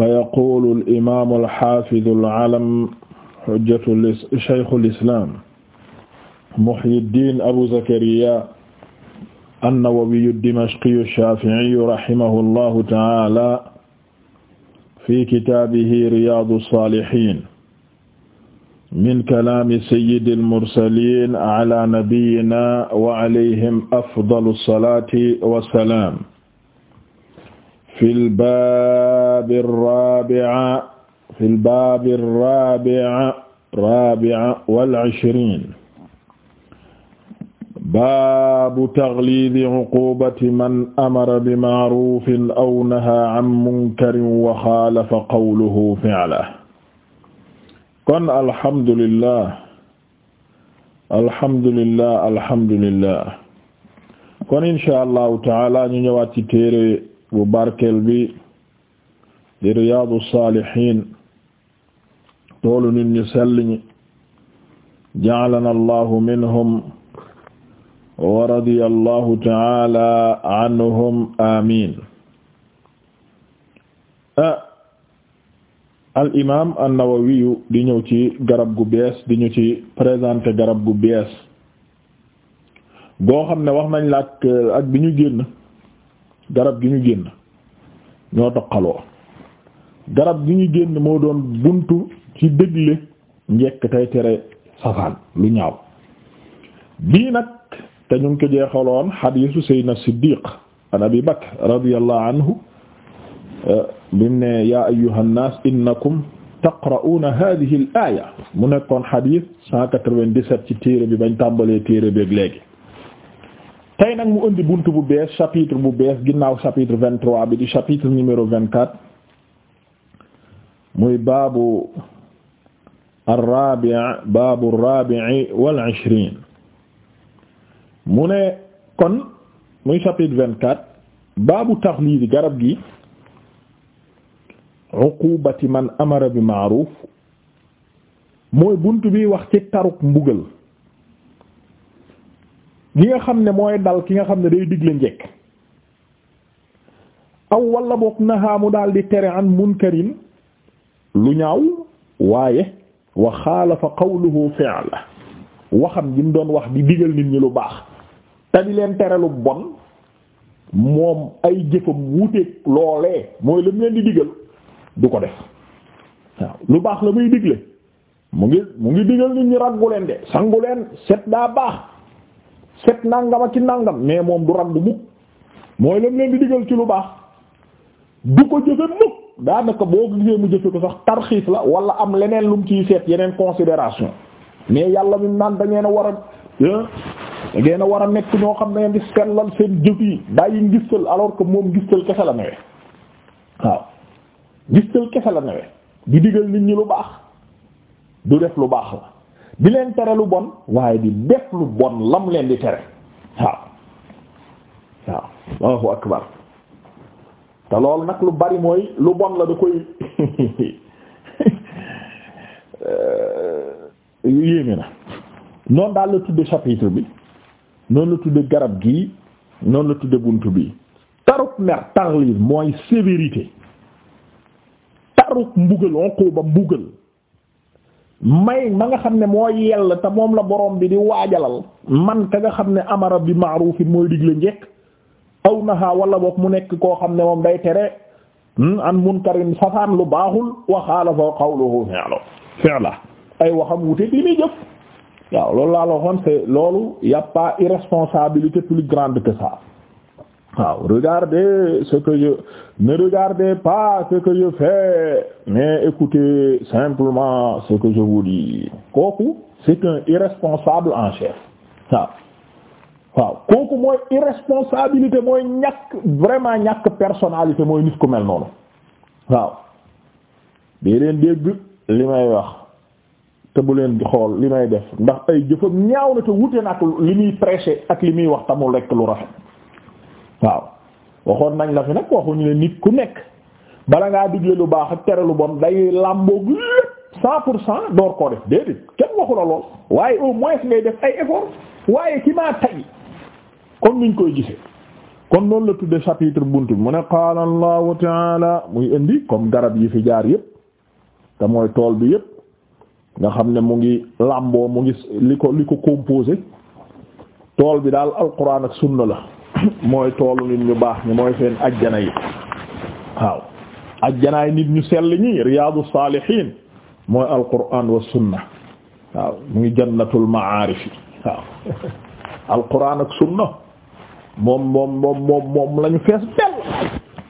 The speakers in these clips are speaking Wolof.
fa yaqulu al-imaam al-haafiz al-alam hujjatu shaykh al-islaam Muhyiddin Abu Zakariya an-Nawawi ad-Dimashqi ash-Shaafi'i rahimahu llahu ta'aala fi kitaabihi Riyaadu as-Saalihiin min kalaami sayyidi al-mursaliin ala nabiyyinaa wa alayhim afdalu as-salaati wa salaam fil baabi raabi'a fil baabi raabi'a raabi'a wal ishriin baabu taghliidi uquubati man amara bi ma'ruufin aw nahaa an munkarin wa xaalafa qawluhu fi'lahu kon alhamdulillah alhamdulillah alhamdulillah kon incha allahu taala ñu ñëwaat ci téere bu barkel bi di Riyadou Salihine toolu nit ñu sell ñi ja'alana Allahu minhum wa radiya Allahu ta'ala anhum amiin al imaam an-Nawawi di ñëw ci garab gu bees di ñu ci présenter garab gu bees goo xam ne wax nañ la ak bi ñu génn garab gi ñu génn ñoo toqaloo garab gi ñu génn moo doon buntu ci dégle njekk tey tere safaan lu ñaaw bii nag te ñu ngi ko jeexaloon xadiisu sayyidina siddiq an abi bakr radiyallahu anhu bimu ne ya ayyuha nnaas innakum taqra'una hadhihi al aya mu nekkoon xadiis 197 ci téere bi bañ tàmbalee téere bi ak léegi tey nag mu indi bunt bu bees chapitre bu bees ginnaaw chapitre vingt-trois bi di chapitre numéro vingt-quatre muy baabu ar-rabi' baabu ar-rabi' mu ne kon muy chapitre vingt-quatre baabu taxliid garab gi uqubati man amara bi ma'ruf mooy bunt bi wax taruk mbugal gi nga xam ne mooy dal ki nga xam ne day digle njekk aw wala boog nahaa mu daal di tere an munkarin lu ñaaw waaye wa xaalafa qawluhu fi'la waxam gi mu doon wax di digal nit ñi lu baax te di leen tere lu bon moom ay jëfam wuuteeg loolee mooy lu mu leen di digal du ko def waaw lu baax la muy digle mu ngi mu ngi digal nit ñi raggu leen de sangu leen set daa baax set nangam ak ci nangam mais moom du rand mukk mooy lam leen di digal ci lu baax du ko jëfe mukk daanaka boo ko gisee mu jëfe ko sax tarxiis la wala am leneen lu mu ciy seet yeneen considération mais yàlla mi naan da ngeen a war a da a war a nekk ñoo xam ne di sellal seen jëf yi bàyyi ngistal alors que moom ngistal kese la newe waaw ngistal kese la newe di digal nit ñi lu baax du def lu baax la di leen tere lu bon waaye di def lu bon lam leen di tere waaw waaw Allahu akbar te loolu nag lu bari mooy lu bon la da koy eh, yéeme na noonu daal la tudde chapitre bi noonu la tudde garab gii noonu la tudde bunt bi taruk mer tarliir mooy sévérité taruk mbugal on ba mbugal may ma nga xam ne moo yell te moom la boroom bi di waajalal man ka nga xam ne amara bi ma'ruf mooy digle njekk aw naha wala boog mu nekk koo xam ne moom day tere hmm, an munkarin safaan lu baaxul wa xaalafa qawluhu fi'lu fi'la ay waxam wute di muy jëf waaw loolu laa la waxoon c'est loolu y a pas irresponsabilité grande que ça waaw regardez ce que je ne regardez pas ce que je fais mais écoutez simplement ce que je vous dis kooku c'est un irresponsable en chef waaw waaw kooku mooy irresponsabilité mooy ñàkk vraiment ñàkk personnalité mooy nit ku mel noonu waaw dee leen dégg li may wax te bu leen xool li may def ndax ay jëfam ñaaw na te wute nag li muy prêcher ak li muy wax tamul rekk lu rafet waaw waxoon nañ la fi nag waxuñu ne nit ku nekk bala ngaa digle lu baax ak tere lu bon day làmboog lépp cent pour cent door koo def déedéet kenn waxu la lool waaye au moins ngay def ay effort waaye ci maa tay kon niñ koy gisee kon loolu la tudde chapitre bunt bi mu ne qaala allahu taala muy indi comme garab yi fi jaar yépp te mooy tool bi yépp nga xam ne mu ngi làmboo mu ngi li ko li ko composé tool bi daal alquran ak sunna la mooy toolu nit ñu baax mi mooy seen ajjana yi waaw yi nit ñu sell ñi riyaadu saalihiin mooy alquraan wa sunna waaw mu ngi jannatul ma'aarif yi waaw alquraan ak sunna moom moom moom moom lañu fees bel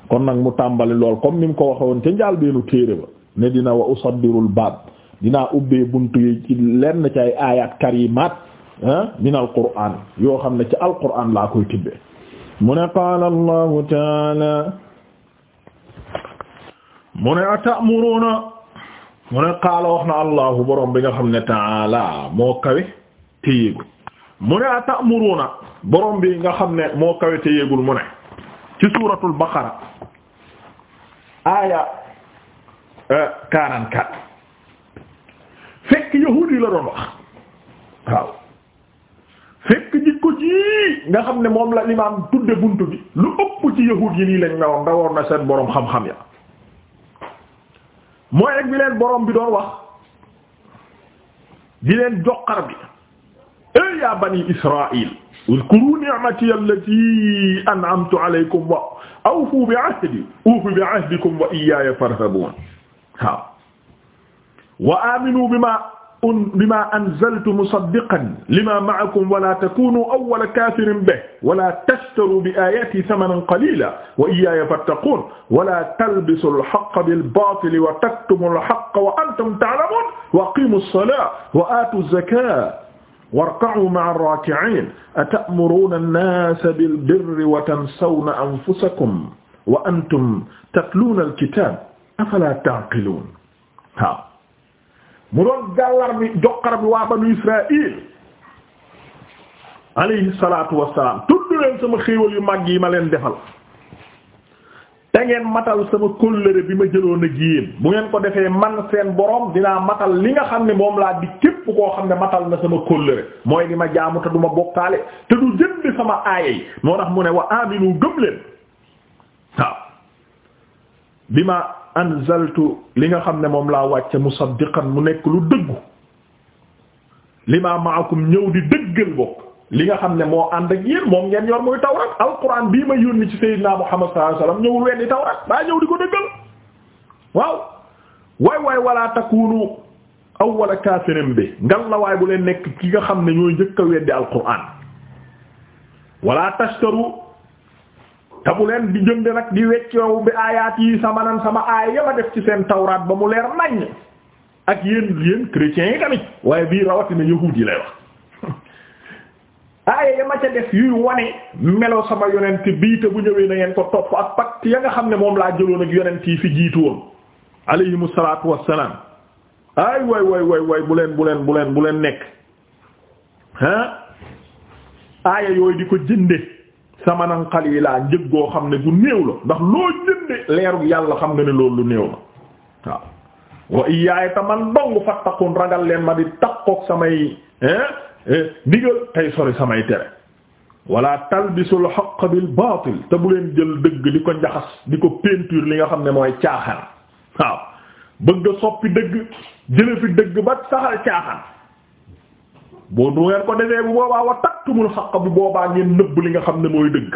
kon nag mu tàmbali lool comme ni ko waxe woon ca njaal beenu téere ba ne dina wa usaddirul baab dinaa ubbee buntu yi ci lenn ci ay aayaat karimaat ah, min alquraan yoo xam ne ci alquraan laa koy tibbee mu ne qaala allahu taala mu ne atamuruna mu ne qaala wax na allahu borom bi nga xam ne taala moo kawe te yéegul mu ne atamuruna borom bi nga xam ne moo kawe te yéegul mu ne ci suuratul baqara aaya 44 euh, fekk yahuudi la doon wax waaw fekk jikko ji nga xam ne moom la limaam tudde buntu bi lu ëpp ci yahuud yi nii lañ mewoon rawoon na seen boroom xam-xam ya mooy rek bi leen boroom bi doon wax di leen joqar bi ey yaa bani israil uzkuru ni'mati allati an'amtu alaykum wa awfu bi ahdi awfu bi ahdikum wa iyaya farhabun waaw wa aminu bima un bima anzaltu musaddiqan lima ma'akum wala takunu awwala kafirin bihi wala tashtaru bi ayati thamanan qalila wa iyaya fattaqun wala talbisu al-haqqa bil-batili wa taktumu al-haqqa wa antum ta'lamun wa aqimu as-salata wa atu az-zakata warka'u ma'a ar-raki'in ata'muruna an-nasa bil-birri wa tansawna anfusakum wa antum tatluna al-kitaba afala ta'qilun mu doon gàllar mi jokkar bi waa banu Israël alayhi salaatu wassalaam tudd leen sama xéewal yu mag yi ma leen defal te ngeen matal sama kóllëre bi ma jëloon ak yéen bu ngeen ko defee man seen borom dinaa matal li nga xam ne moom laa di képp koo xam ne matal na sama kóllëre mooy di ma jaamu te du ma bokkaale te du jënd sama aaya yi moo tax mu ne wa aminu gëm leen waaw bi ma anzaltu li nga xam ne moom laa wàcce musaddiqan mu nekk lu dëggu lima maakum ñëw di dëggal bokk li nga xam ne moo ànd ak yéen moom ngeen yor muy tawrat alquran bii ma yónni ci sayyidina mu xam alayhi wasallam ñëwul weddi tawrat daa ñëw di ko dëggal waaw waay waay wala takunu awwala kafirin bi ngal la waay bu leen nekk ki nga xam ne ñooy njëkk a weddi alquran wala tashtaru te bu leen di jënd nag di wecceewu bi aayaat yi sama nan sama aaya ya def ci seen tawraat ba mu leer naññ ak yéen yéen chrétiens yi tamit waaye bii rawatina yahuud yi lay wax aaya ya ma ca def yuy wane melo sama yonent bii te bu ñëwee na ngeen ko topp ak pacte ya nga xam ne moom laa jëloon ak yonent yi fi jiitu woon alayhimu salaatu wassalaam ay woy way way way bu leen bu leen bu leen bu leen nekk ah aaya yooyu di ko jënde yi laa njëg goo xam ne gu néew la ndax loo jënde leeru yàlla xam nga ne loolu lu néew la waaw wa iyyaaya ta man dong ragal leen ma di takkook samay eh, digal tey sori samay tere wala talbisul haqq bil baatil te bu leen jël dëgg di ko njaxas di ko peinture li nga xam ne mooy caaxaan waaw bëgg a soppi dëgg jële fi dëgg ba saxal caaxaan boo du ngeen ko defee bu boobaa wa taktumul xaq bu boobaa ngeen nëbb li nga xam ne mooy dëgg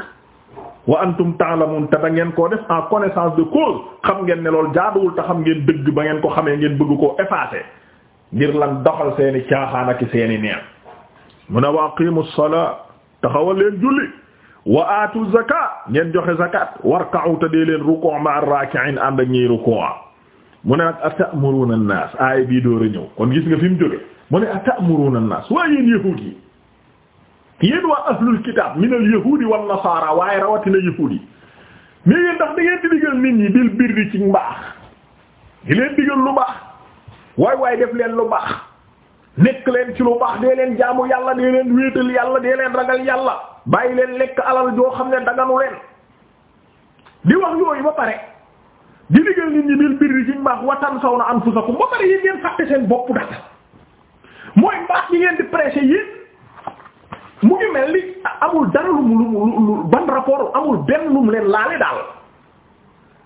wa antum ta'lamun te da ngeen koo def en connaissance de cause xam ngeen ne loolu jaaduwul te xam ngeen dëgg ba ngeen ko xamee ngeen bëgg ko effacer ngir lan doxal seeni caaxaan ak seeni neen mu ne wa aqimu salaa taxawal leen julli wa aatu zakat ngeen joxe zakat warka'u te dee leen ruku' ma'a raki'in ànd ak ñiy ruku' mu ne nag atamuruna na nas aaya bii door a ñëw kon gis nga fi mu jóge mu ne atamuruna an-nas waaye yéen yahuud yi yéen waa ahlul kitab min al-yahudi wan nasara waaye rawatina yahuud yi mais yéen ndax da ngeen di digal nit ñi bil birri ci mbaax di leen digal lu baax waaye waaye def leen lu baax nekk leen ci lu baax dee leen jaamu yàlla dee leen wéetal yàlla dee leen ragal yàlla bàyyi leen lekk alal joo xam ne daganu leen di wax yooyu ba pare di liggéey nit ñi bil birri ci mbaax watan saw na anfusakum ba pare yéen ngeen fàtte seen bopp dak mooy mbaax yi ngeen di prêcher yéen mu ngi mel li amul dara lu mu lu ban rapport amul benn lu leen laale daal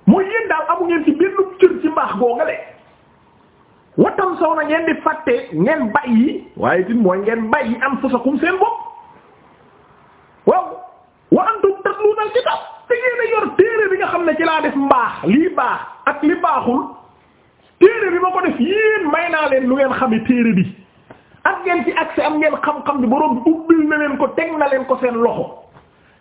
mooy yéen daal amu ngeen ci benn cër ci mbaax googale watan saw na ngeen di fàtte ngeen bàyyi waaye tin mooy ngeen bàyyi anfusakum seen bopp waaw wa antum tatluna al kitab xam ne ci laa def mbaax lii baax li baaxul téere ma ko def yéen naa leen lu ngeen xame téere bi ak ngeen ci accès am ngeen xam-xam bi boroom bi na leen ko teg na leen ko seen loxo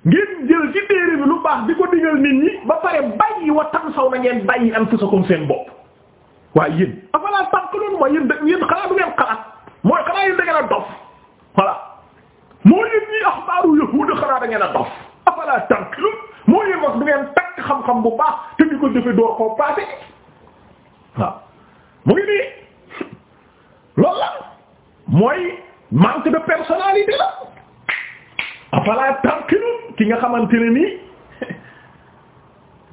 ngeen jël ci téere bi lu baax di ko digal nit ñi ba pare bàyyi wa tam saw na ngeen bàyyi am fu seen bopp waaye yéen afalaa tànqloonu mooy yéen yéen xalaat du mooy xanaa da ngeen a dof voilà moo yéen ñi axbaaru yahuud xanaa da a dof afalaa tànqloon moo yéen wax du ngeen ñàkk xam-xam bu baax te ñu ko jëfe door koo passé waaw mu ngi nii loolu la mooy manque de personnalité la afala tànkinum ki nga xamante ne nii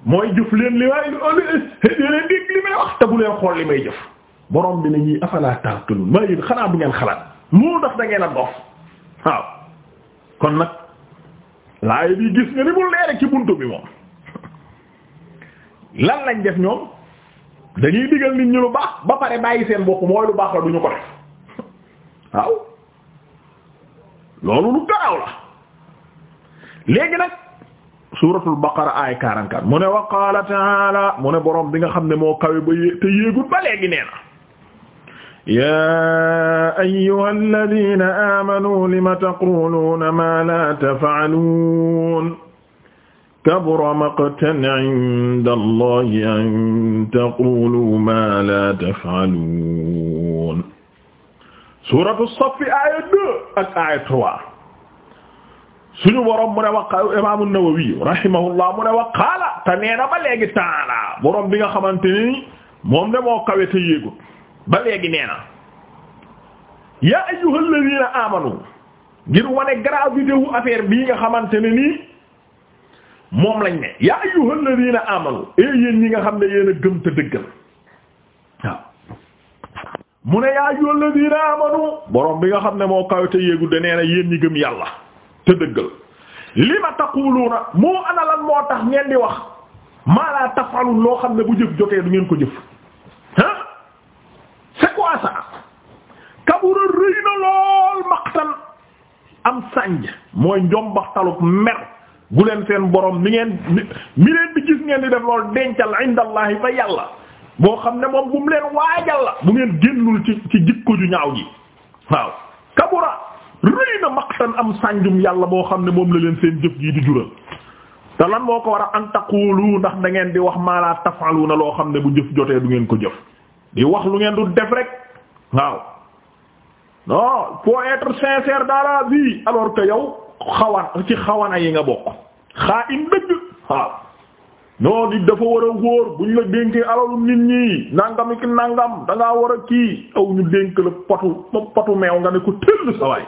mooy jëf leen li waaye li may wax te bu leen xool li may jëf borom bi ne ñii afala tànkinum maa yéen xanaa bu ngeen xalaat mu ndax dangeen ngeen a dof waaw kon nag laay bi gis nga ni mu leere ci buntu bi moom lan lañ def ñoom dañuy digal nit ñi lu baax ba pare bàyyi seen bopp mooy lu baax la duñu ko def waaw loolu lu garaw la léegi nag suuratul baqara aay 44 mu ne wa qaala ta'aala mu ne boroom bi nga xam ne moo kawe ba yé te yéegul ba léegi nee na yaa ayyuhal ladiina aamanuu lima taquluuna maa laa taf'aluun kabura maqtan inda allahi an taqulu ma la taf'alun suratu safi aya deux ak aya trois suñu boroom mu imam an-Nawawi rahimahullah mu ne wa qaala bi nga xamante ni moom de moo kawe te yéegut ba ya ayyuhal ladina amanu ngir wane gravité wu affaire bii moom lañ ne yaa ayyuhal ladina amanu e yéen ñi nga xam ne yéen a gëm te dëggal mu ne yaa ayyuhal ladina amanu borom bi nga xam ne moo kawe te yéegu de nee na yéen ñi gëm yàlla te dëggal lima taquluuna moo ana moo tax ngeen di wax maa la tafalun loo xam ne bu jëf jotee du ngeen ko jëf ah c'est kabura rëy na lool maqtan am sànj mooy njombaxtaluk mer bu leen seen borom mi ngeen mi leen di gis ngeen di def loolu dencal indallahi fa yàlla boo xam ne moom bu mu leen waajal la bu ngeen génnul ci ci jikko ju ñaaw ji waaw kabura rëy na maqtan am sànjum yàlla boo xam ne moom la leen seen jëf gii di jural te lan moo ko war a an taqulu ndax da ngeen di wax maa la na loo xam ne bu jëf jotee du ngeen ko jëf di wax lu ngeen du def rek waaw non faut être sincère dans la vie yow xawan ci xawana yi nga bokk xaa im dëgg waaw non nit dafa war a wóor bu ñu la dénkee alalu nit ñi nangam ki nangam war a kii aw ñu dénk la potu potu meew nga ne ko tëll sa waay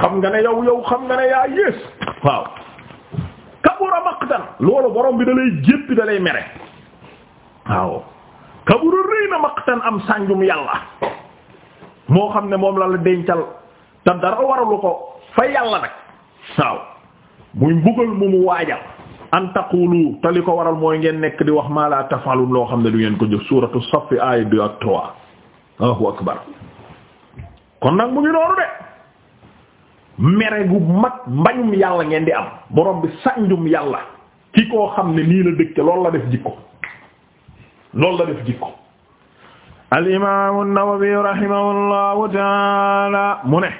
xam nga ne yow yow xam nga ne yaa yées waaw kabura maqtan loolu borom bi da lay jéppi da lay mere waaw kabura rëy na maqtan am sànjum yàlla moo xam ne moom la la dencal te dara waralu ko fa yàlla nag saaw muy mbugal mu mu waajal an taqulu li ko waral mooy ngeen nekk di wax maa la tafalun loo xam ne du ngeen ko jëf suuratu saff aaya deux ak trois Allahu akbar kon nag mu ngi noonu de mere gu mag mbañum yàlla ngeen di am borom bi sànjum yàlla ki koo xam ne nii la dëkke lool la def jikko loolu la def jikko al imaamu Nawawi rahimahullahu taala mu ne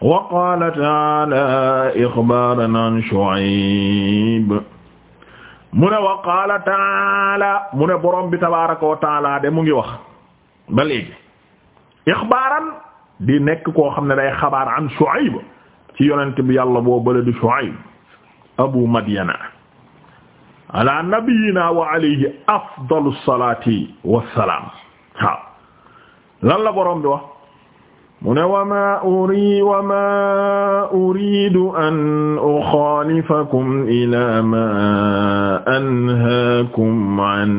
wa qaala taala ixbaaran an Shuayb mu ne wa qaala taala mu ne borom bi tabaaraka wa taala de mu ngi wax ba léegi ixbaaran di nekk koo xam ne day xabaar an Shuayb ci yonent bi yàlla boo bële di Shuayb abu Madyana ala nabiyyina wa alayhi afdalu salaati wassalaam waaw lan la borom bi wax mu ne wama uri wama uridu an uxaalifakum ila ma anhaakum an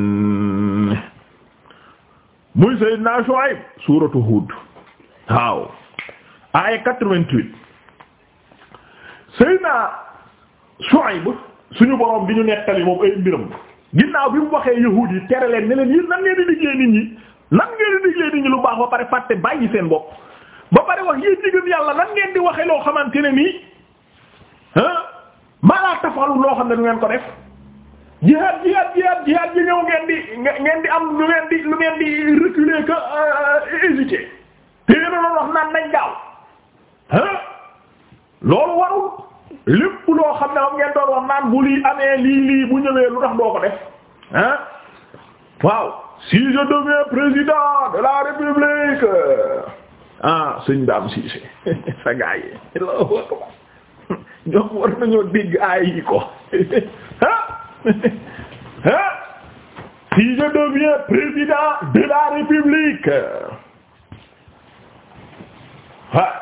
muy Seydina Shuayb suratu Hud waaw aaya quatre vingt suñu borom bi ñu nettali moom ay mbiram ginnaaw bi mu waxee yahuud tere leen ne leen yéen nan ngeen di diglee ñi nan ngeen di diglee ñi lu baax ba pare fàtte bàyyi seen bopp ba pare wax yéen ñi gëm yàlla nan ngeen di waxe loo xamante ne nii ah maa laa tafalu loo xam ne du ngeen ko def jihaad jihaad jihaad jihaad ji ñëw ngeen di ngeen di am lu ngeen di lu ngeen di reculer que euh, hésiter te yéen a wax naan nañ gaaw ah loolu warul lépp loo xam ne moom ngeen doon wax naan bu lii amee lii lii bu ñëwee lu tax doo ko def ah waaw si je deviens président de la république. ah sëñ daam siise sa gaa yi loo wax ñoom war nañoo dégg aay yi ko ah ah si je deviens président de la république ah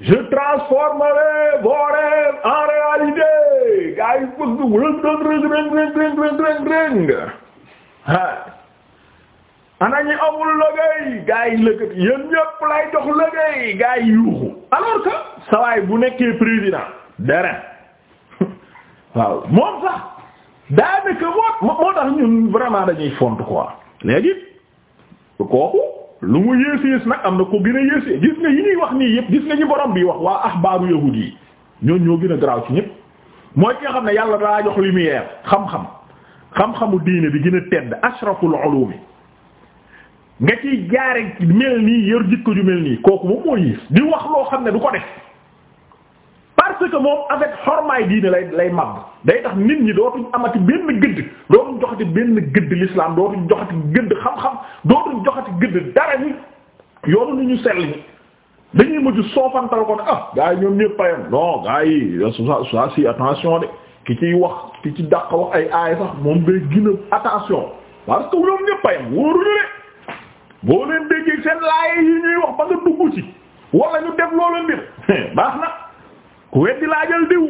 je transformerai vos rêves en réalité gaa yi bëgg wala dëng dëng dëng dëng dëng dëng ah. ana ñi amul liggéey gaa yi lëkkati yéen ñëpp lay jox liggéey gaa yi yuuxu alors que sawaay bu nekkee président dara waaw moom sax daanaka moo moo tax ñun vraiment dañuy font quoi léegi kooku lu mu yées yées nag am na ko gën a yées gis nga yi ñuy wax nii yëpp gis nga ñi borom bi wax waa axbaaru yahud yi ñooñu ñoo gën a graaw ci ñëpp mooy ki nga xam ne yàlla daa jox lumière xam-xam xam-xamu diine bi gën a tedd ashraful ulumi nga ciy jaare mel nii yor jikko ju mel nii kooku moom moo yiis di wax loo xam ne du ko def parce que moom avec xormaay diine lay lay màbb day tax nit ñi dootuñ amati benn gëdd dootuñ joxati benn gëdd l'islam dootuñ joxati gëdd xam-xam dootuñ joxati gëdd dara ni yoonu ni ñu sell ñi dañuy mujj soofantal ko ne ah gars yi ñoom ñëpp a non gars yi ça si attention de ki ciy wax ki ci daq wax ay aay sax moom day gën a attention parce que ñoom ñëpp a boo leen déggee seen laaye yi ñuy wax ba nga dugg ci wala ñu def loola mbir baax na ku weddi laajal diw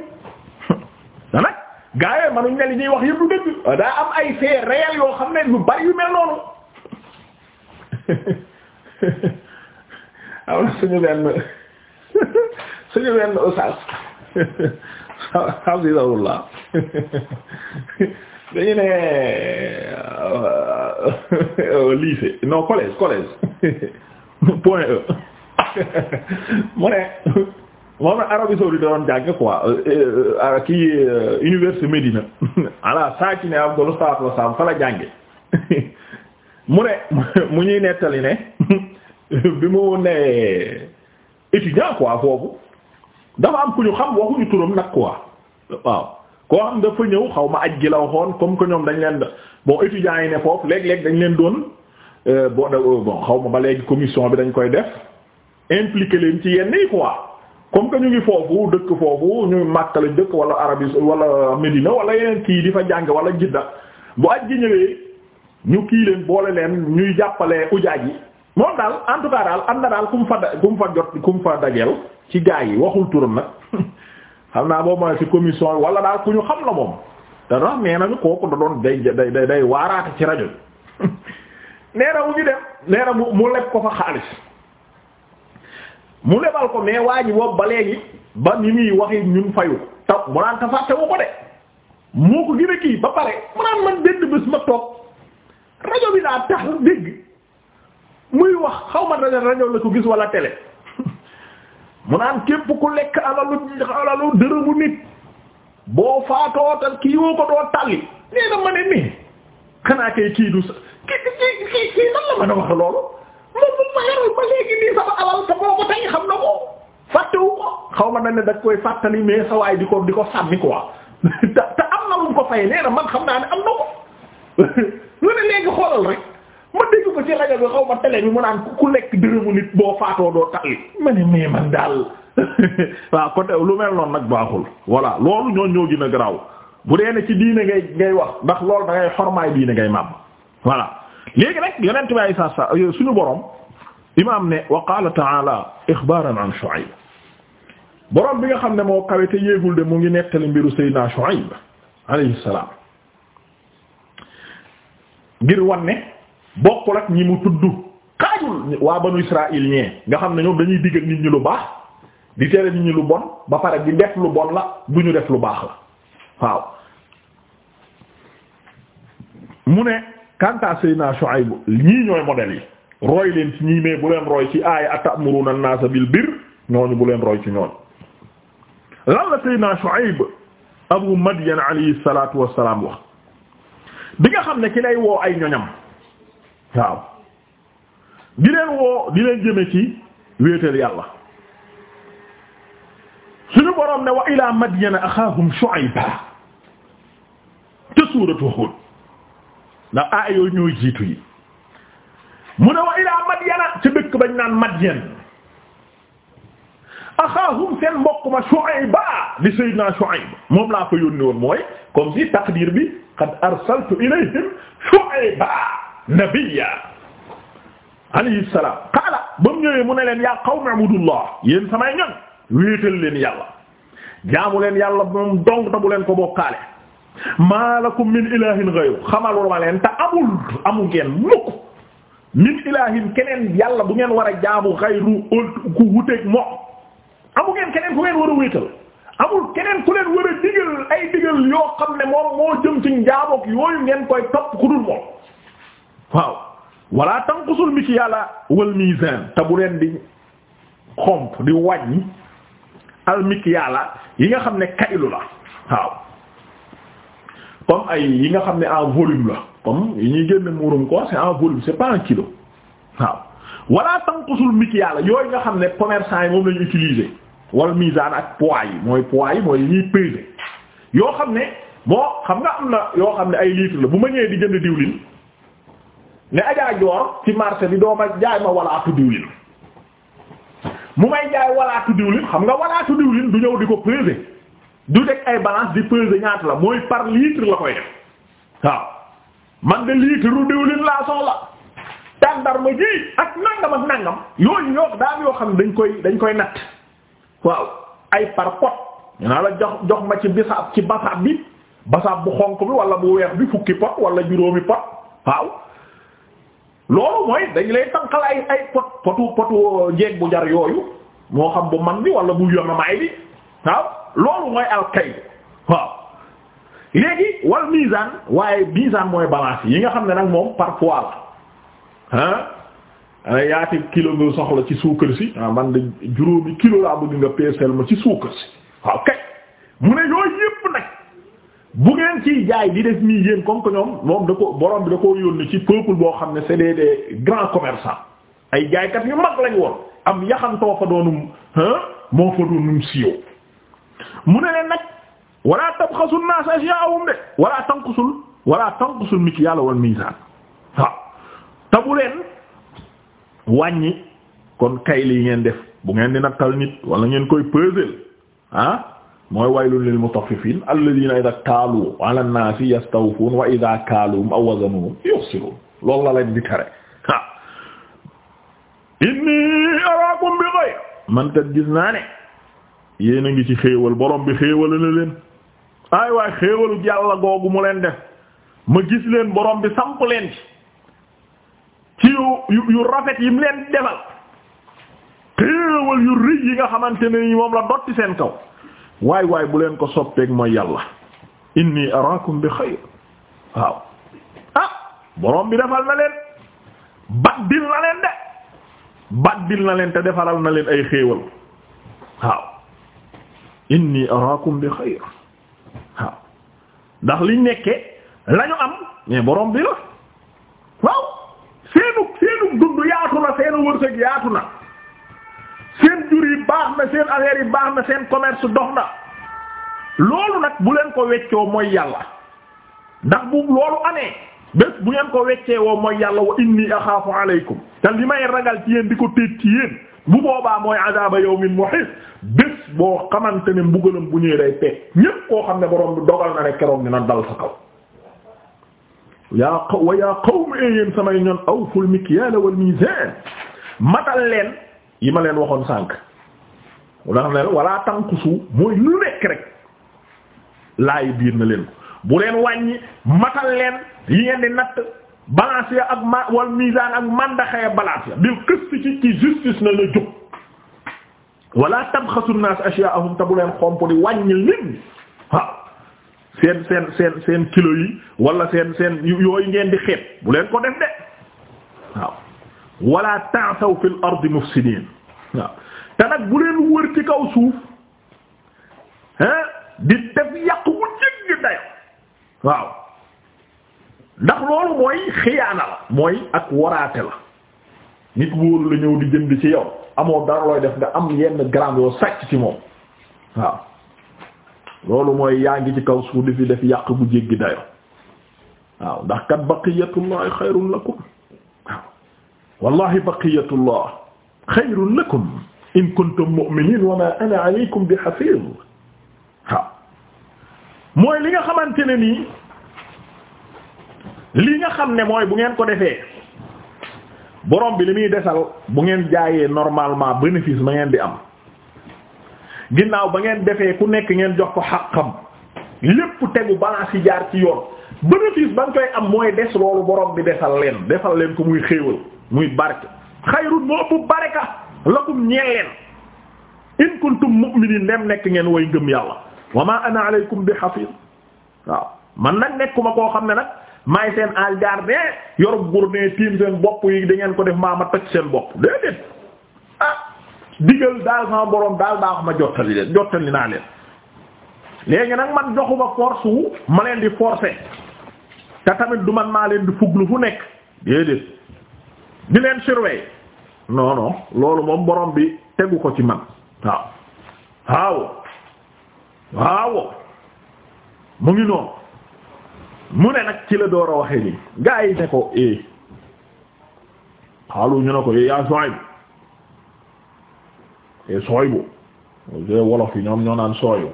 da nag gaa yooyu manuñ ne li ñuy wax yëpp du dëgg daa am ay fait réel yoo xam ne lu bari yu mel noonu am na suñu benn suñu benn oustaz alhamdulillah dañu ne Euh, euh, lycée non collège collège point E mu ne moom la Arabie saoudite doon jàng quoi euh, kii université Médina ala saa ci ne am ko lu salaatu wa salaam mu ne mu ñuy nettali ne bi mu ne étudiant quoi foofu dafa am ku ñu xam waxuñu turam nag quoi waaw. koo xam dafa ñëw xaw ma aj gi la waxoon comme que ñoom dañ leen bon étudiants yi ne foofu léeg-léeg dañ leen doon euh, bon euh, bon xaw ma ba léegi commission bi dañ koy def impliqué leen ci yenn yi quoi comme que ñu ngi foofu dëkk foofu ñu Makka la dëkk wala Arabie wala Médina wala yeneen kii di fa jàng wala Jidda bu aj gi ñëwee ñu kii leen boole leen ñuy jàppale ujaaj yi moom daal en tout cas daal am na daal ku fa da ku fa jot ku mu fa ci gaa yi waxul turam nag xam naa boobu mooy ci commission bi wala daal ku ñu xam la moom te dax nee nañu kooku da doon day day day waaraate ci rajo bi nee na mu ñu dem nee na mu mu leb ko fa xaalis mu lebal ko mais waa ji boobu ba léegi ba ni muy waxi ñun fayu ta mu naan ta fàttewu ko de moo ko gën a kii ba pare mu naan man benn bés ma toog rajo bi daa tax dégg muy wax xaw ma rajo la ko gis wala télé mu naan képp ku lekk alalu alalu dërëmu nit boo faatoo tal kii woo ko doo talli nee ma ne nii xanaa kay kii du sa kii kii kii kii nan la mën a wax loolu moom moom ma yaral ma léegi nii sama alal te boo ko tey xam na ko fàttewu ko xaw ma na ne dag koy fàttali mais sa waay di ko di ko sànni quoi te te am na lu mu ko fay nee man xam naa ne am na ko lu ne léegi xoolal rek ma dégg ko ci rajo bi xaw ma télé bi mu naan ku lekk dërëmu nit boo faatoo doo talli ma ne mais man daal waaw côté lu mel noonu nag baaxul voilà loolu ñoo ñoo gën a garaaw bu dee ne ci diine ngay ngay wax ndax lool da ngay xormaay diine ngay màbb voilà léegi nag yonent bi ay sa sa suñu borom imaam ne wa qaala ta'ala ixbaaran an Shu'ayb borom bi nga xam ne moo kawe te yéegul de mu ngi nettali mbiru Seydina Shu'ayb alayhi salaam ngir wan ne bokkul ak ñi mu tudd xaajul waa banu Israël ñee nga xam ne ñoom dañuy diggal nit ñi lu baax di tere nit ñi lu bon ba pare di def lu bon la du ñu def lu baax la waaw mu ne kanta sayna Shuayb ñii ñooy modèles yi roy leen ci ñii mais bu leen roy ci aaya atamuruna an-naasa bil bir ñooñu bu leen roy ci ñooñu lan la sayna Shuayb Abu Madyan alayhi salaatu wassalaam wax bi nga xam ne ki lay woo ay ñoñam waaw di leen woo di leen jëme ci wéetal yàlla suñu boroom ne wa ila madyana axaahum shu'ayba te suuratu Hud ndax aaya ñooy jiitu yi mu ne wa ila madyana ci dëkk bañ naan madyan axaahum seen mbokk ma Shuayba di sayyidina Shuayb moom laa ko yónni woon mooy comme si taqdir bi qad arsaltu ilayhim Shuayba nabiyya alayhi salaam qaala ba mu ñëwee mu ne leen yaa qawmi abudullah yéen samay ñoñ wéetal leen yàlla jaamu leen yàlla moom dong ta bu leen ko bokkaale maa lakum min ilahin ghayru xamalul ma leen te amul amu ngeen mukk min ilahin keneen yàlla bu ngeen war a jaamu ghayru ku wuteeg moom amu ngeen keneen ku ngeen war a wéetal amul keneen ku leen war digal ay digal yoo xam ne moom moo jëm ci njaabook yooyu ngeen koy topp ku dul moom waaw wala tanqusul mikyala wal mizan te leen di xomp di wàññi al mikyala yi nga xam ne kaylu la waaw comme ay yi nga xam ne en volume la comme yi ñuy génn muurum ko c'est en volume c'est pas en kilo waaw wala tanqusul mikyala yooyu nga xam ne commerçant yi moom lañu utiliser wal mizan ak poids yi mooy yi mooy ñuy peser yoo xam ne moo xam nga am na yoo xam ne ay litres la bu ma ñëwee di jënd diwlin ne Adja Dior ci marché bi doo ma jaay ma walaatu diwlin mu may jaay walaatu diwlin xam nga walaatu diwlin du ñëw di ko peser du teg ay balance di peser ñaata la mooy par litre la koy def waaw man de litre ru diwlin laa soxla tàndarma ji ak nangam ak nangam yooyu yoo daal yoo xam ne dañ koy dañ koy natt waaw ay par pot ñu naa la jox jox ma ci bisaab ci basaab bi basaab bu xonq bi wala bu weex bi fukki pot wala juróomi pot waaw. loolu mooy dañ lay tànqal ay ay pot potu potu euh, jeeg bu jar yooyu moo xam bu man bi wala bu yonamaay bi waaw loolu mooy alkay waaw léegi wal mizan waaye mizan mooy balance yi nga xam ne nag moom par poids la ah yaati kilo nga soxla ci suukar si ah man de juróomi kilo laa bëgg nga peeseel ma ci suukar si waaw kay mu ne yooyu yëpp bu ngeen ciy jaay di def nii yéen comme que moom da ko borom bi da koo yónni ci peuple boo xam ne c'est des des grands ay jaaykat yu mag lañ woon am yaxantoo fa doonum moo fa doonum siiw mu ne leen nag wala tabxasu naas asyaahum de wala tanqusul wala tanqusul mikyaal wal miisaan waaw te bu leen wàññi kon kay lii ngeen def bu ngeen di nattal nit wala ngeen koy peser mooy waylun lil mutaffifin alladhina idha taalu ala an-nasi yastawfun wa idha kaaluhum aw di tere ah inni araakum bi gis naa ne yéen a ngi ci xéewal borom bi xéewal na leen ay waay ma gis leen borom bi samp leen ci ci yi mu leen defal xéewal yu rëy yi nga xamante ne ni moom la dotti seen kaw waay waay bu leen ko soppeek mooy yàlla inni araakum bi xayr waaw ah borom bi defal na leen baddil na leen de baddil na leen te defaral na leen ay xéewal waaw inni araakum bi xayr waaw ndax liñ nekke lañu am mais borom bi la waaw seenug seenug dund yaatu na seenu wërsëg yaatu na jur yi baax na seen affaire yi baax na seen commerce dox na loolu nag bu leen ko weccoo mooy yàlla ndax bu loolu amee bés bu ngeen ko weccee woo mooy yàlla wa inni axaafu aleykum te li may ragal ci yéen di ko téet ci yéen bu boobaa mooy adaba yawmin muhit bés boo xamante ne mbugalam bu ñëwee day peet ñépp koo xam ne borom bi dogal na rek keroog dina dal sa kaw yaa wa yaa qawmi yéen samay ñoon awful mikyala wal mizan matal leen yi ma leen waxoon sànq wala xam ne wala tànkusu mooy lu nekk rek laay biir na leen bu leen wàññi matal leen yi ngeen di natt balance ya ak ma wal mizan ak mandaxaya balance ya bil qist ci justice na la jóg wala tabxasu naas ashya'ahum te bu leen xomp di wàññi leen waaw seen seen seen seen kilo yi wala seen seen yooyu ngeen di xeet bu leen ko def de waaw wala ta'saw fil ardi mufsidin waaw te nag bu leen wër ci kaw suuf hein di def yàq wu jéggi dayo waaw ndax loolu mooy xiyaana la mooy ak waraate la nit wóolu la ñëw di jënd ci yow amoo dara looy def nga am yenn grand yoo sàcc ci moom waaw loolu mooy yaa ngi ci kaw suuf di fi def yàq bu jéggi dayo waaw ndax kat baqiyatullahi xayrun lakum wallahi baqiyatullah xayrun lakum in kuntum mu'minin wa ma ana alaykum bi hafiz waaw mooy li nga xamante ne nii li nga xam ne mooy bu ngeen ko defee borom bi li muy desal bu ngeen jaayee normalement bénéfice ma ngeen di am ginnaaw ba ngeen defee ku nekk ngeen jox ko xaqam lépp tegu balance yi jaar ci yoon bénéfice ba nga koy am mooy des loolu borom bi desal leen defal leen ko muy xéewal muy barke xayrun moo ëpp baraka lakum ñeel leen in kuntum mu'minin dem nekk ngeen way ngëm yàlla wa ma ana alaykum bi hafiz waaw man nag nekkuma koo xam ne nag maay seen algardien yorub gourne tiim seen bopp yi da ngeen ko def maa ma toj seen bopp déedéet ah digal daal sama borom daal baax ma jottali leen jottali naa leen léegi nag man joxuma force ma leen di forcer te tamit du man maa leen di fuglu fu nekk déedéet di leen surveiller non loolu moom borom bi tegu ko ci man waaw waaw waaw mu ngi noonu mu ne nag ci la door a waxee nii gaa yi ne ko eh xaalu ñu ne ko eh yaa sooy bu eh sooy bu wolof yi ñoom ñoo naan sooy bu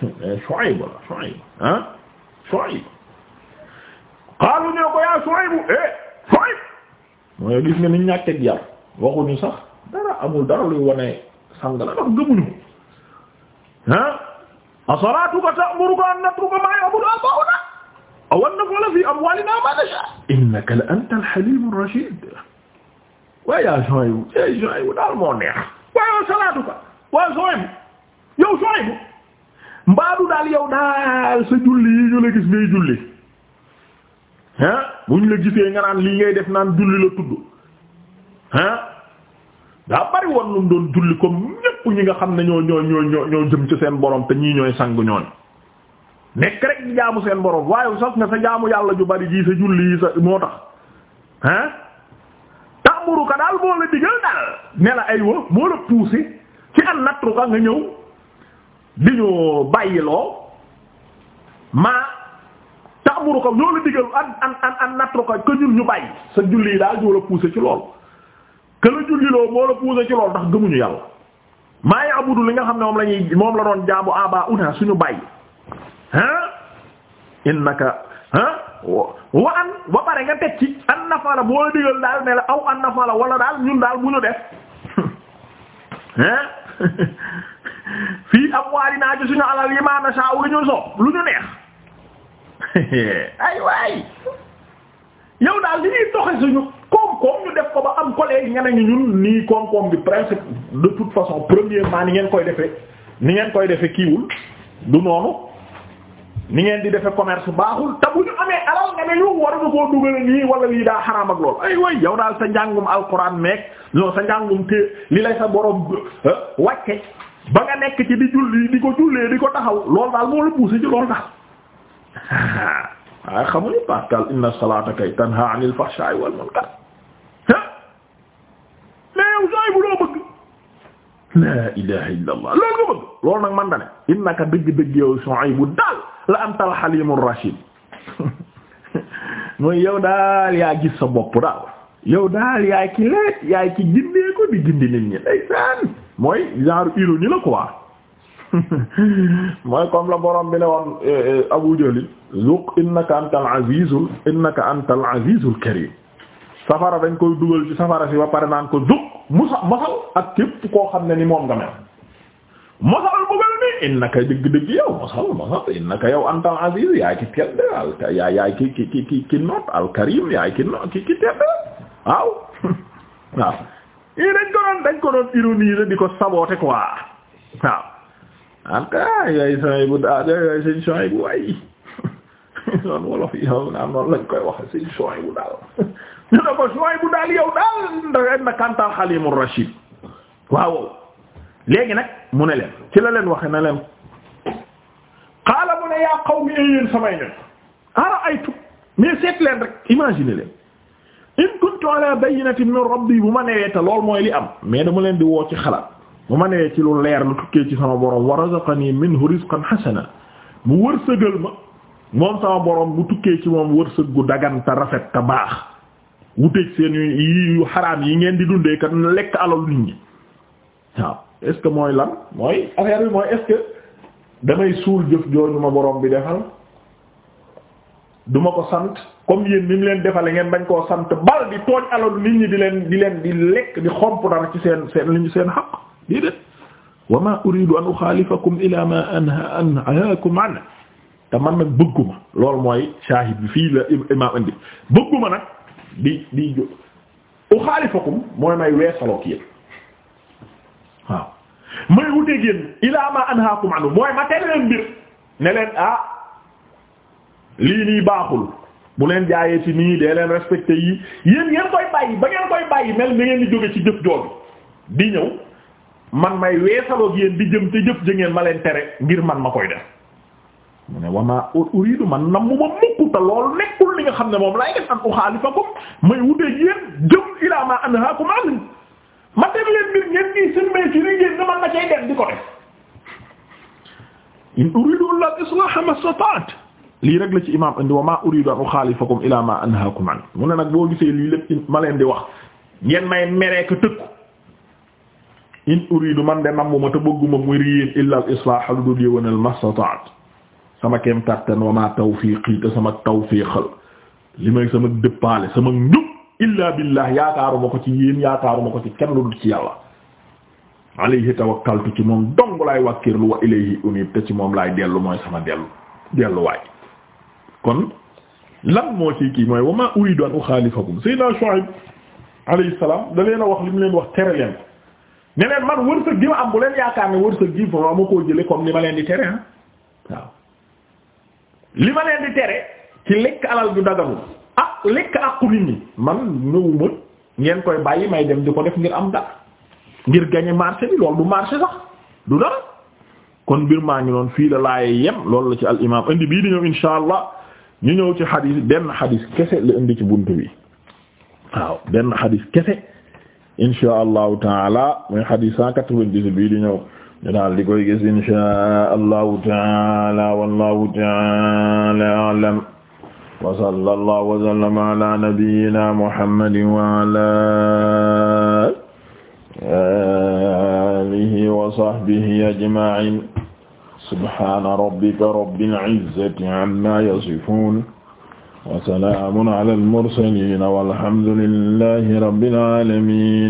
eh, sooy bu la sooy ah sooy xaalu ñu ne ko yaa sooy bu eh. mooy gis nga ni ñàkkeeg yar waxuñu sax dara amul dara luy wane sang la ndax gëmuñu ah asalatuka ta'muruka an natruka ma ya'budu aba'una aw an naf'ala fi amwalina ma nasha innaka la anta al-halim ar-rashid waaye yaa Shuayb yaa Shuayb daal moo neex waaye yow salaatuka waaye Shuayb yow Shuayb mbaadu daal yow daal sa julli yi ñu la gis ngay julli ah buñ la gisee nga naan lii ngay def naan julli la tudd ah daa bari woon lu mu doon julli comme ñépp ñi nga xam ne ñoo ñoo ñoo ñoo jëm ci seen borom te ñii ñooy sang ñooñ nekk rek di jaamu seen borom waaye sax nga sa jaamu yàlla ju bari jii sa julli yi sa moo tax ah ta'muruka daal moo la digal daal ne la ay wa moo la poussé ci an natruka nga ñëw di ñu bàyyiloo maa ya'murukum loolu digal an an an an natruka ko ñun ñu bàyyi sa julli yi daal ñoo la poussé ci lool que la julliloo moo la poussé ci lool ndax gëmuñu yàlla maa ya'budu li nga xam ne moom la ñuy moom la doon jaamu aba una suñu bàyyi ah innaka ah wa an ba pare nga teg ci an nafala boo la digal wala daal ñun daal bu ñu def ah fii amwaalinaa ci suñu alal yi ma nasha'u ñu so lu ñu neex ay waay yow daal li ñuy doxe suñu koom-koom ñu def ko ba am collègue nga nañu ñun nii koom-koom bi principe de toute façon premièrement ni ngeen koy defee ni ngeen koy defe kiiwul du noonu ni ngeen di defe commerce baaxul te bu ñu amee alal nga ne ñu war nga koo dugale nii wala lii daa xaraam ak lool ay way yow daal sa njàngum alxuraan meek non sa njàngum te li lay sa borom eh, wàcce ba nga nekk ci di julli di ko jullee di ko taxaw loolu daal moo la waaye xamuñu Pascal inna salata kay tanha anil fahsha'i wal munkar mais yow saay bu doo bëgg la ilaha illa allah loolu nga bëgg loolu nag man da ne innaka dëgg-dëgg yow Shuaybu daal la antal halimur rashid mooy yow daal yaa gis sa bopp daal yow daal yaa ki leet yaa ki gindee ko di gindi nit ñi ndeysaan mooy genre ironie la quoi mooy comme la borom bi ne woon eh, eh, Abu Jahl zuq innaka antal azizul innaka antal azizul karim safara dañ koy dugal ci safara si ba pare naan ko zuq musa mosal ak képp koo xam ne ni moom nga mel mosal bugal ni innaka dëgg-dëgg yow mosal mosal innaka yow antal aziz yaay ki tedd al yaay yaay ki ki ki ki ki not al karim yaay ki no ki ki waaw waaw. yii dañ ko doon dañ ko doon ironiser di ko saboter quoi waaw. anka yaay sooy bu daa yaay seen sooy bu waay noonu wolof yi yow naa noonu lañ koy wax seen sooy bu daal ñu ne ko sooy bu daal yow daal da na kantal Halimur Rashid waaw léegi nag mu ne leen ci la leen waxe na leen xaala mu ne yaa qawmi yéen samay ñoñ ara'aytu mais seet leen rek imagine leen in kuntu ala bayyinatin min rabbi bu ma newee te lool mooy li am mais dama leen di woo ci xalaat bu ma nee ci lu leer lu tukkee ci sama borom wa razaqani minhu rizqan hasana mu wërsëgal ma moom sama borom bu tukkee ci moom wërsëg gu dagan te rafet te baax wuteeg seen yu xaraam yi ngeen di dundee kat lekk alal nit ñi waaw est-ce que mooy lan mooy affaire bi mooy est-ce que damay suul jëf jooju ma borom bi defal duma ko sant comme yéen ni mu leen defalee ngeen dañ koo sant bal di tooñ alal nit ñi di leen di leen di lekk di xomp dara ci seen seen li ñu seen déedéet wa ma uridu an uxaalifakum ila ma anha anhaakum an te man nag bëgguma loolu mooy shahid bi fii la imam indi bëgguma nag di di uxaalifakum mooy may weesaloo yéen waaw may wute génn ila ma anhaakum an mooy ma tere leen mbir ne leen ah lii nii baaxul bu leen jaayee ci nii dee leen respecté yi yéen ngeen koy bàyyi ba ngeen koy bàyyi mel ni ngeen di jóge ci jëf jooju di ñëw man may weesaloog yéen di jëm te jëf jëngeen ma leen tere ngir man ma koy def mu ne wama uridu man nam mu ma mukk te nekkul li nga xam ne moom laay def an uxaalifakum may wuteeg yéen jëm ilaa ma anhaakum an ma teg leen mbir ngeen gi seen may ci ni ngeen na man na cay def di ko def in uridu illa islaha ma stata'tu lii rek la ci imaam indi wa ma uridu an uxaalifakum ilaa ma anhaakum an mu ne nag boo gisee lii lépp ma leen di wax ngeen may meree ko in uridu man de nammuma te bëgguma muy riir illa al islah lu dul yëwanal mastataat sama kem kàttan wa ma tawfiqi te sama tawfiqal li may sama dëppaale sama njub illa billah yaakaaruma ko ci yéen yaakaaruma ko ci kenn lu dul ci yàlla alayhi tawakkaltu ci moom dong laay wàkkirlu wa ilayhi unib te ci moom laay dellu mooy sama dellu delluwaay kon lan moo ci kii mooy wa ma uridu an uxaalifakum sayyidina Shu'ayb alayhi salaam da leen wax li mu leen ne man wërsëg gi ma am bu leen yaakaar ne wërsëg gi ma ma koo jële comme li ma leen di tere ah waaw li ma leen di tere ci lekk alal ju daganu ak lekk àqu nit man ñëwuma ngeen koy bàyyi may dem di ko def ngir am dara ngir gagner marché bi loolu du marché sax du dara kon mbir maa ngi noonu fii la laaye yem loolu la ci al imam indi bii di ñëw insha allah ñu ñëw ci xadis benn xadis kese la indi ci bunt bi waaw benn xadis kese insha allahu taala muy hadith cent quatre-vingt-dix bii di ñëw ñu daal di koy gis insha allahu taala wallahu taala a'lam wa sallallahu wa sallama ala nabiyyina muhammadin wa ala alihi wa sahbihi ajma'in subhana rabbika rabbil izzati amma yasifun wa salamun ala al mursalin walhamdulillahi rabbil alamin